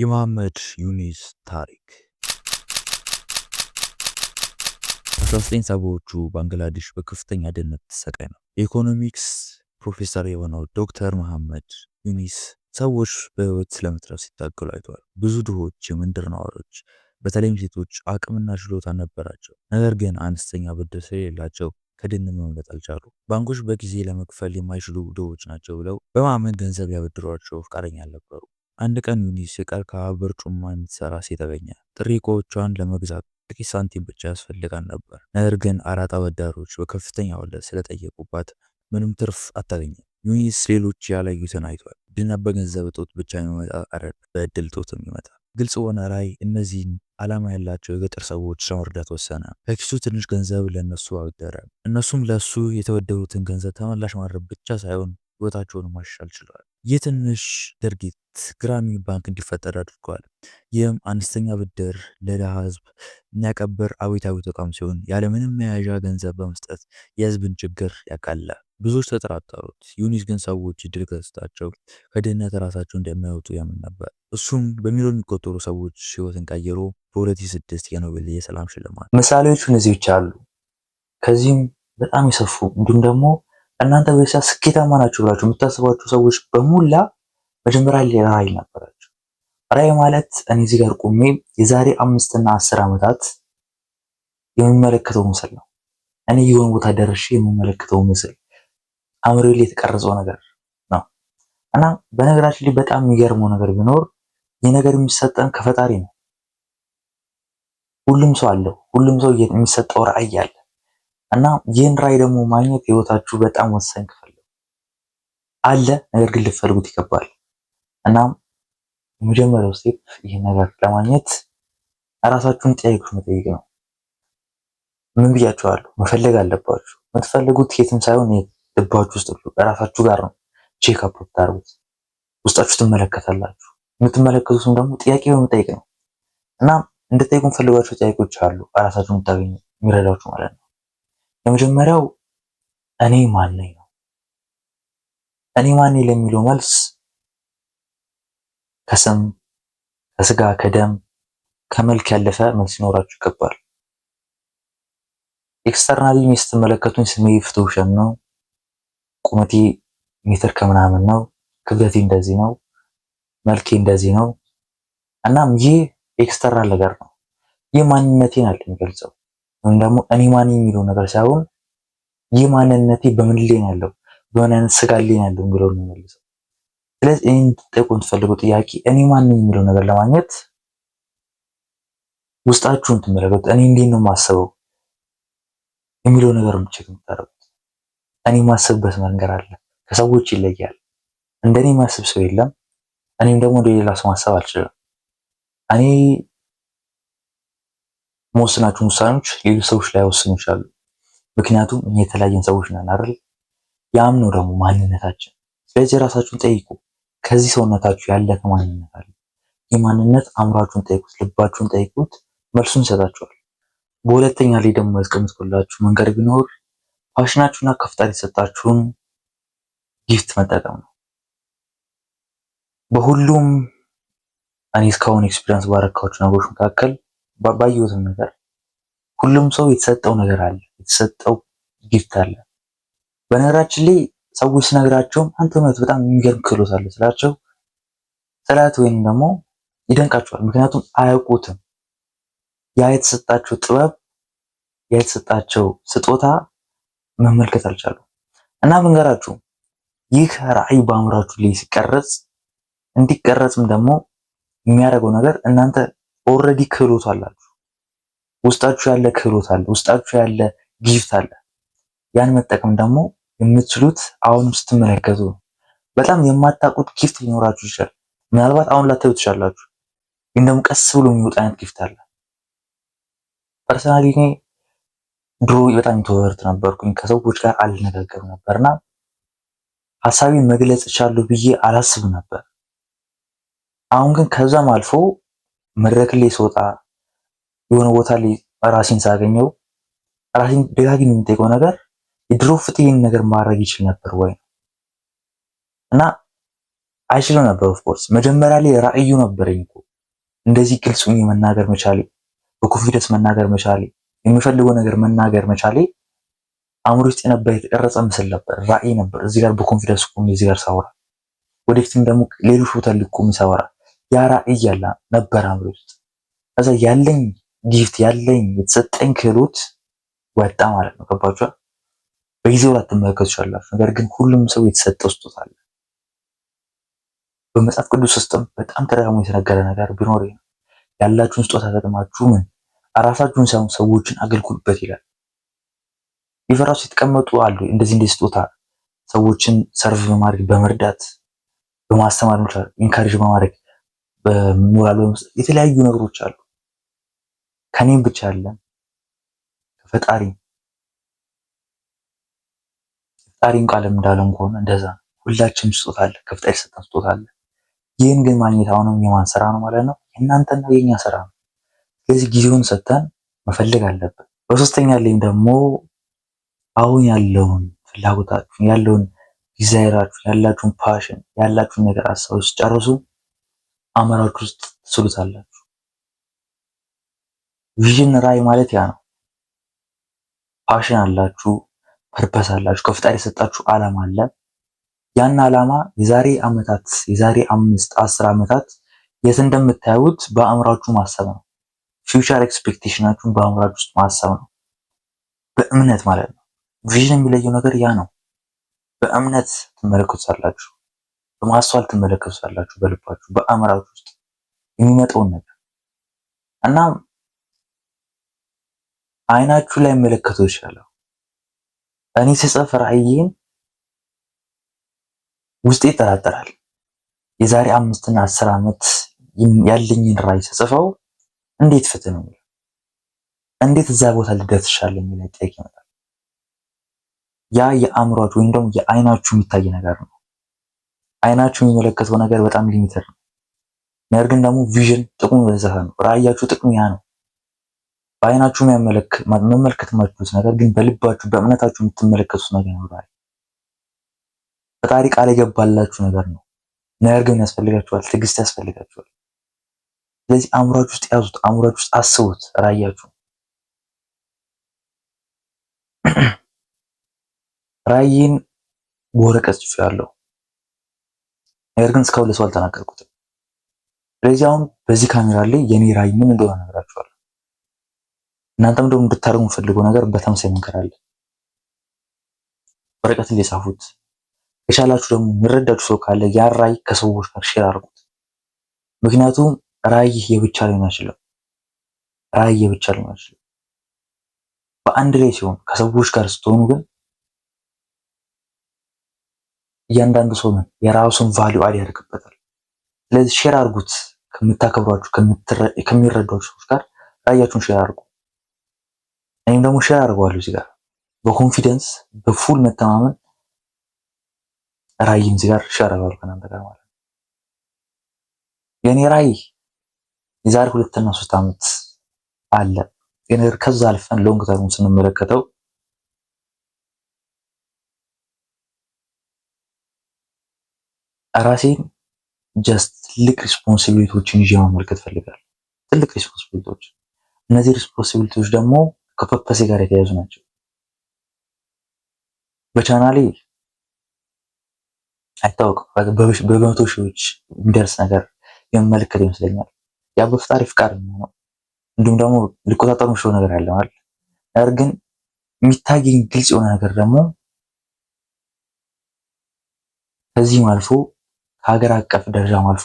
የመሐመድ ዩኒስ ታሪክ በ 1970 ባንግላዴሽ በከፍተኛ ድህነት ተሰቃይ ነው። የኢኮኖሚክስ ፕሮፌሰር የሆነው ዶክተር መሐመድ ዩኒስ ሰዎች በህይወት ስለመትረፍ ሲታገሉ አይተዋል። ብዙ ድሆች የምንድር ነዋሪዎች በተለይም ሴቶች አቅምና ችሎታ ነበራቸው፣ ነገር ግን አነስተኛ ብድር ስለሌላቸው ከድህነት መምለጥ አልቻሉ። ባንኮች በጊዜ ለመክፈል የማይችሉ ድሆች ናቸው ብለው በማመን ገንዘብ ያበድሯቸው ፈቃደኛ አልነበሩ። አንድ ቀን ዩኒስ የቀርከሃ ጩማ የምትሰራ ሴት አገኛት። ጥሪቆቿን ለመግዛት ጥቂት ሳንቲም ብቻ ያስፈልጋል ነበር። ነገር ግን አራት አበዳሪዎች በከፍተኛ ወለድ ስለጠየቁባት ምንም ትርፍ አታገኝም። ዩኒስ ሌሎች ያላዩትን አይቷል። ድህነት በገንዘብ እጦት ብቻ የሚመጣ አይደለም፣ በእድል እጦትም ይመጣል። ግልጽ ሆነ ራዕይ እነዚህን ዓላማ ያላቸው የገጠር ሰዎች ለመርዳት ወሰነ። ከኪሱ ትንሽ ገንዘብ ለእነሱ አበደረ። እነሱም ለእሱ የተበደሩትን ገንዘብ ተመላሽ ማድረግ ብቻ ሳይሆን ህይወታቸውን ማሻል ችሏል። የትንሽ ድርጊት ግራሚ ባንክ እንዲፈጠር አድርገዋል። ይህም አነስተኛ ብድር ለድሃ ህዝብ የሚያቀብር አቤታዊ ተቋም ሲሆን ያለምንም መያዣ ገንዘብ በመስጠት የህዝብን ችግር ያቃላል። ብዙዎች ተጠራጠሩት። ዩኒስ ግን ሰዎች እድል ከተሰጣቸው ከድህነት ራሳቸው እንደማይወጡ ያምን ነበር። እሱም በሚሊዮን የሚቆጠሩ ሰዎች ህይወትን ቀይሮ በ2006 የኖቤል የሰላም ሽልማት። ምሳሌዎቹ እነዚህ ብቻ አሉ። ከዚህም በጣም የሰፉ እንዲሁም ደግሞ እናንተ በሳ ስኬታማ ናችሁ ብላችሁ የምታስባችሁ ሰዎች በሙላ መጀመሪያ ላይ ራዕይ ነበራችሁ። ራዕይ ማለት እኔ እዚህ ጋር ቆሜ የዛሬ አምስትና አስር ዓመታት የሚመለከተው ምስል ነው። እኔ የሆነ ቦታ ደርሼ የሚመለከተው ምስል አምሮ ላይ የተቀረጸው ነገር ነው እና በነገራችን ላይ በጣም የሚገርመው ነገር ቢኖር ይህ ነገር የሚሰጠን ከፈጣሪ ነው። ሁሉም ሰው አለው። ሁሉም ሰው የሚሰጠው ራዕይ አለ። እና ይህን ራይ ደግሞ ማግኘት ህይወታችሁ በጣም ወሳኝ ክፍል አለ፣ ነገር ግን ልፈልጉት ይገባል። እናም የመጀመሪያው ስቴፕ ይህን ነገር ለማግኘት ራሳችሁን ጥያቄዎች መጠየቅ ነው። ምን ብያችኋለሁ? መፈለግ አለባችሁ። የምትፈልጉት የትም ሳይሆን ልባችሁ ውስጥ ራሳችሁ ጋር ነው። ቼክ አፕ ውስጣችሁ ትመለከታላችሁ። የምትመለከቱትም ደግሞ ጥያቄ በመጠየቅ ነው። እናም እንደጠይቁ ፈልጓቸው ጥያቄዎች አሉ፣ ራሳችሁን የምታገኙ የሚረዳችሁ ማለት ነው። የመጀመሪያው እኔ ማን ነኝ ነው። እኔ ማን ነኝ ለሚለው መልስ ከስም ከስጋ ከደም ከመልክ ያለፈ መልስ ይኖራችሁ ይገባል። ኤክስተርናሊ ስትመለከቱኝ ስሜ ፍትውሸት ነው፣ ቁመቴ ሜትር ከምናምን ነው፣ ክብደቴ እንደዚህ ነው፣ መልኬ እንደዚህ ነው። እናም ይህ ኤክስተርናል ነገር ነው። ይህ ማንነቴን አይደለም የሚገልጸው ወይም ደግሞ እኔ ማን የሚለው ነገር ሳይሆን ይህ ማንነቴ በምን ላይ ነው ያለው፣ በምን አይነት ስጋ ላይ ነው ያለው የሚለው ነው መልሰው። ስለዚህ እኔ እንድጠይቁ የምትፈልገው ጥያቄ እኔ ማን የሚለው ነገር ለማግኘት ውስጣችሁን ትመለከቱት። እኔ እንዴት ነው የማስበው የሚለው ነገር ብቻ የምታደርጉት። እኔ የማስብበት መንገድ አለ፣ ከሰዎች ይለያል። እንደኔ የማስብ ሰው የለም። እኔም ደግሞ እንደሌላ ሰው ማሰብ አልችልም። እኔ መወስናችሁን ውሳኔዎች ሌሎች ሰዎች ላይ ወስኑ ይችላሉ። ምክንያቱም እኛ የተለያየን ሰዎች ነን አይደል? ያም ነው ደግሞ ማንነታችን። ስለዚህ ራሳችሁን ጠይቁ። ከዚህ ሰውነታችሁ ያለ ማንነት አለ። የማንነት አእምሯችሁን ጠይቁት፣ ልባችሁን ጠይቁት፣ መልሱን ይሰጣችኋል። በሁለተኛ ላይ ደግሞ ያስቀምጥኩላችሁ መንገድ ቢኖር ፋሽናችሁና ከፍጣሪ የሰጣችሁን ጊፍት መጠቀም ነው። በሁሉም እኔ እስካሁን ኤክስፒሪንስ ባረካችሁ ነገሮች መካከል ባየሁትም ነገር ሁሉም ሰው የተሰጠው ነገር አለ፣ የተሰጠው ጊፍት አለ። በነገራችን ላይ ሰዎች ስነግራቸውም አንተ እውነት በጣም የሚገርም ክህሎት አለ ስላቸው ጥላት ወይም ደግሞ ይደንቃቸዋል። ምክንያቱም አያውቁትም። ያ የተሰጣቸው ጥበብ ያ የተሰጣቸው ስጦታ መመልከት አልቻሉ እና ምንገራችሁ ይህ ራዕይ በአእምሯችሁ ላይ ሲቀረጽ እንዲቀረጽም ደግሞ የሚያደርገው ነገር እናንተ ኦልሬዲ ክህሎት አላችሁ። ውስጣችሁ ያለ ክህሎት አለ። ውስጣችሁ ያለ ጊፍት አለ። ያን መጠቀም ደግሞ የምትችሉት አሁንም ስትመለከቱ ነው። በጣም የማታውቁት ጊፍት ሊኖራችሁ ይችላል። ምናልባት አሁን ላታዩት ትችላላችሁ፣ ግን ደግሞ ቀስ ብሎ የሚወጣ አይነት ጊፍት አለ። ፐርሰናሊ እኔ ድሮ በጣም ኢንትሮቨርት ነበርኩኝ። ከሰዎች ጋር አልነጋገርም ነበርና ሀሳቤን መግለጽ እችላለሁ ብዬ አላስብም ነበር። አሁን ግን ከዛም አልፎ መድረክ ላይ ስወጣ የሆነ ቦታ ላይ ራሴን ሳገኘው ራሴን ደጋግሜ የምጠይቀው ነገር የድሮ ፍትህን ነገር ማድረግ ይችል ነበር ወይ እና አይችልም ነበር። ኦፍኮርስ መጀመሪያ ላይ ራዕዩ ነበረኝ እኮ እንደዚህ ግልጽ ሆኜ መናገር መቻሌ፣ በኮንፊደንስ መናገር መቻሌ፣ የሚፈልገው ነገር መናገር መቻሌ አእምሮ ውስጥ የነበር የተቀረጸ ምስል ነበር፣ ራእይ ነበር። እዚህ ጋር በኮንፊደንስ ቆሜ እዚህ ጋር ሳወራ፣ ወደፊትም ደግሞ ሌሎች ቦታ ልቆም ይሳወራል ያ ራዕይ ያለ ነበር አምሮ ውስጥ ከዛ ያለኝ ጊፍት ያለኝ የተሰጠኝ ክህሎት ወጣ ማለት ነው። ገባችኋል? በጊዜው ላትመለከቱ ይችላላችሁ። ነገር ግን ሁሉም ሰው የተሰጠው ስጦታ አለ። በመጽሐፍ ቅዱስ ውስጥም በጣም ተደጋግሞ የተነገረ ነገር ቢኖር ያላችሁን ስጦታ ተጠቅማችሁ ምን ራሳችሁን ሳይሆን ሰዎችን አገልግሉበት ይላል። ይፈራሱ የተቀመጡ አሉ። እንደዚህ እንደ ስጦታ ሰዎችን ሰርቭ በማድረግ በመርዳት በማስተማር ኢንካሬጅ በማድረግ በሞራል የተለያዩ ነገሮች አሉ። ከኔም ብቻ አይደለም ከፈጣሪ ፈጣሪን ቃልም እንዳለም ከሆነ እንደዛ ሁላችንም ስጦታ አለ፣ ከፈጣሪ ሰጠን ስጦታ አለ። ይህን ግን ማግኘት አሁንም የማን ስራ ነው ማለት ነው? የእናንተና የኛ ስራ ነው። ስለዚህ ጊዜውን ሰጥተን መፈለግ አለብን። በሶስተኛ ላይም ደግሞ አሁን ያለውን ፍላጎታችሁን ያለውን ዲዛይራችሁን ያላችሁን ፓሽን ያላችሁን ነገር አሳቦች ጨርሱ። አእምሯችሁ ውስጥ ትስሉታላችሁ። ቪዥን ራይ ማለት ያ ነው። ፓሽን አላችሁ፣ ፐርፐስ አላችሁ፣ ከፍጣሪ የሰጣችሁ ዓላማ አለ። ያን ዓላማ የዛሬ አመታት የዛሬ አምስት አስር አመታት የት እንደምታዩት በአምራቹ ማሰብ ነው። ፊውቸር ኤክስፔክቴሽናችሁን በአእምሯችሁ ውስጥ ማሰብ ነው፣ በእምነት ማለት ነው። ቪዥን የሚለየው ነገር ያ ነው። በእምነት ትመለከቱታላችሁ። በማስተዋል ትመለከቱታላችሁ፣ በልባችሁ በአእምራችሁ ውስጥ የሚመጣውን ነገር እና አይናችሁ ላይ መለከቱ ይችላል። እኔ ስጽፍ ራዕይን ውስጤ ይጠራጠራል። የዛሬ አምስትና አስር ዓመት ያለኝን ራይ ስጽፈው እንዴት ፍትህ ነው እንዴት እዛ ቦታ ልደርስ ይችላል የሚል ጥያቄ ይመጣል። ያ የአእምሯችሁ ወይም ደግሞ የአይናችሁ የሚታይ ነገር ነው። አይናችሁ የሚመለከተው ነገር በጣም ሊሚትድ ነው። ነገር ግን ደግሞ ቪዥን ጥቅሙ በዛ ነው። ራእያችሁ ጥቅሙ ያ ነው። በአይናችሁ መመልከት የማትችሉት ነገር ግን በልባችሁ በእምነታችሁ የምትመለከቱት ነገር ነው። ራእይ ፈጣሪ ቃል የገባላችሁ ነገር ነው። ነገር ግን ያስፈልጋችኋል፣ ትዕግስት ያስፈልጋችኋል። ስለዚህ አእምሯችሁ ውስጥ ያዙት፣ አእምሯችሁ ውስጥ አስቡት ራእያችሁ ራእይን በወረቀት ጽፌያለሁ ነገር ግን እስካሁን ለሰው አልተናገርኩትም። ስለዚህ አሁን በዚህ ካሜራ ላይ የኔ ራይ ምን እንደሆነ እነግራችኋለሁ። እናንተም ደግሞ እንድታደርጉ የምፈልገው ነገር በተመሳሳይ መንገድ አለ። ወረቀት ላይ ጻፉት። የቻላችሁ ደግሞ የሚረዳችሁ ሰው ካለ ያን ራይ ከሰዎች ጋር ሼር አድርጉት። ምክንያቱም ራይ የብቻ ሊሆን አይችልም። ራይ የብቻ ሊሆን አይችልም። በአንድ ላይ ሲሆን ከሰዎች ጋር ስትሆኑ ግን እያንዳንዱ ሰው ምን የራሱን ቫሊዩ አድ ያደርግበታል። ስለዚህ ሼር አድርጉት ከምታከብሯችሁ ከሚረዷችሁ ሰዎች ጋር ራያችሁን ሼር አድርጉ። እኔም ደግሞ ሼር አድርገዋለሁ እዚህ ጋር በኮንፊደንስ በፉል መተማመን ራይም እዚህ ጋር ሼር አድርገዋለሁ ከእናንተ ጋር ማለት ነው። የእኔ ራይ የዛሬ ሁለትና ሶስት ዓመት አለ ነገር ከዛ አልፈን ሎንግ ተርሙ ስንመለከተው ራሴን ጀስት ትልቅ ሪስፖንሲቢሊቲዎችን ይዤ መመልከት ፈልጋለሁ። ትልቅ ሪስፖንሲቢሊቲዎች። እነዚህ ሪስፖንሲቢሊቲዎች ደግሞ ከፐርፐሴ ጋር የተያዙ ናቸው። በቻናሌ አይታወቅም በመቶ ሺዎች የሚደርስ ነገር የሚመለከት ይመስለኛል። ያ በፍጣሪ ፍቃድ ነው። እንዲሁም ደግሞ ሊቆጣጠሩ ሽው ነገር አለ ማለት ነገር ግን የሚታየኝ ግልጽ የሆነ ነገር ደግሞ ከዚህም አልፎ ከሀገር አቀፍ ደረጃም አልፎ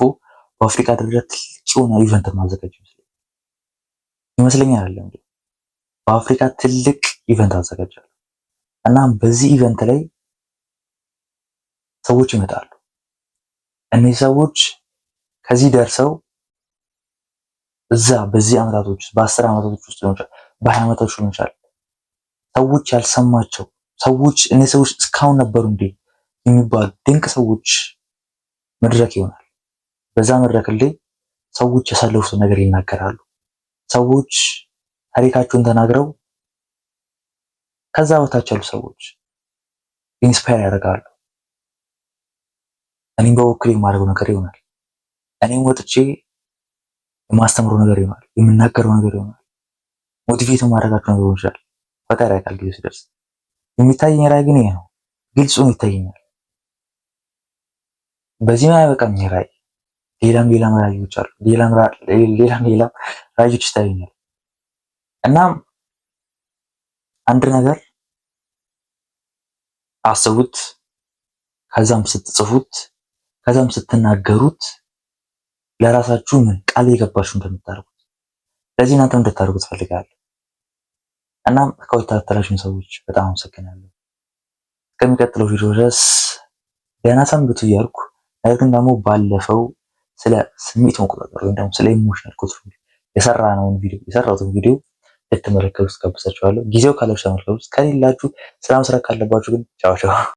በአፍሪካ ደረጃ ትልቅ የሆነ ኢቨንት ማዘጋጀ ይመስለኛል ይመስለኛል በአፍሪካ ትልቅ ኢቨንት አዘጋጃለሁ። እና በዚህ ኢቨንት ላይ ሰዎች ይመጣሉ። እነዚህ ሰዎች ከዚህ ደርሰው እዛ በዚህ አመታቶች ውስጥ በአስር አመታቶች ውስጥ ሊሆን ይችላል፣ በሀያ አመታቶች ሊሆን ይችላል። ሰዎች ያልሰማቸው ሰዎች እነዚህ ሰዎች እስካሁን ነበሩ እንዴ የሚባሉ ድንቅ ሰዎች መድረክ ይሆናል። በዛ መድረክ ላይ ሰዎች ያሳለፉት ነገር ይናገራሉ። ሰዎች ታሪካቸውን ተናግረው ከዛ በታች ያሉ ሰዎች ኢንስፓየር ያደርጋሉ። እኔም በበኩሌ የማደርገው ነገር ይሆናል። እኔም ወጥቼ የማስተምረው ነገር ይሆናል። የምናገረው ነገር ይሆናል። ሞቲቬት የማደርጋቸው ነገር ይሆናል። ፈጣሪ ያውቃል ጊዜ ሲደርስ። የሚታየኝ ራይ ግን ይሄ ነው። ግልጹን ይታየኛል። በዚህ ላይ በቃ ራእይ ሌላም ሌላም ራእዮች አሉ። ሌላም ሌላም ሌላም ራእዮች ይታየኛል። እና አንድ ነገር አስቡት፣ ከዛም ስትጽፉት፣ ከዛም ስትናገሩት ለራሳችሁ ምን ቃል የገባችሁ እንደምታደርጉት ለዚህ እናንተም እንድታደርጉት ፈልጋለሁ። እናም ከወታተራችሁን ሰዎች በጣም አመሰግናለሁ። እስከሚቀጥለው ቪዲዮ ድረስ ደህና ሰንብቱ እያልኩ ነገር ግን ደግሞ ባለፈው ስለ ስሜት መቆጣጠር ወይም ደግሞ ስለ ኢሞሽናል ኮንትሮል የሰራነውን ቪዲዮ የሰራሁትን ቪዲዮ ልትመለከቱ ጋብዛችኋለሁ። ጊዜው ካላችሁ ተመልከቱ፣ ከሌላችሁ ስራ መስራት ካለባችሁ ግን ቻው ቻው።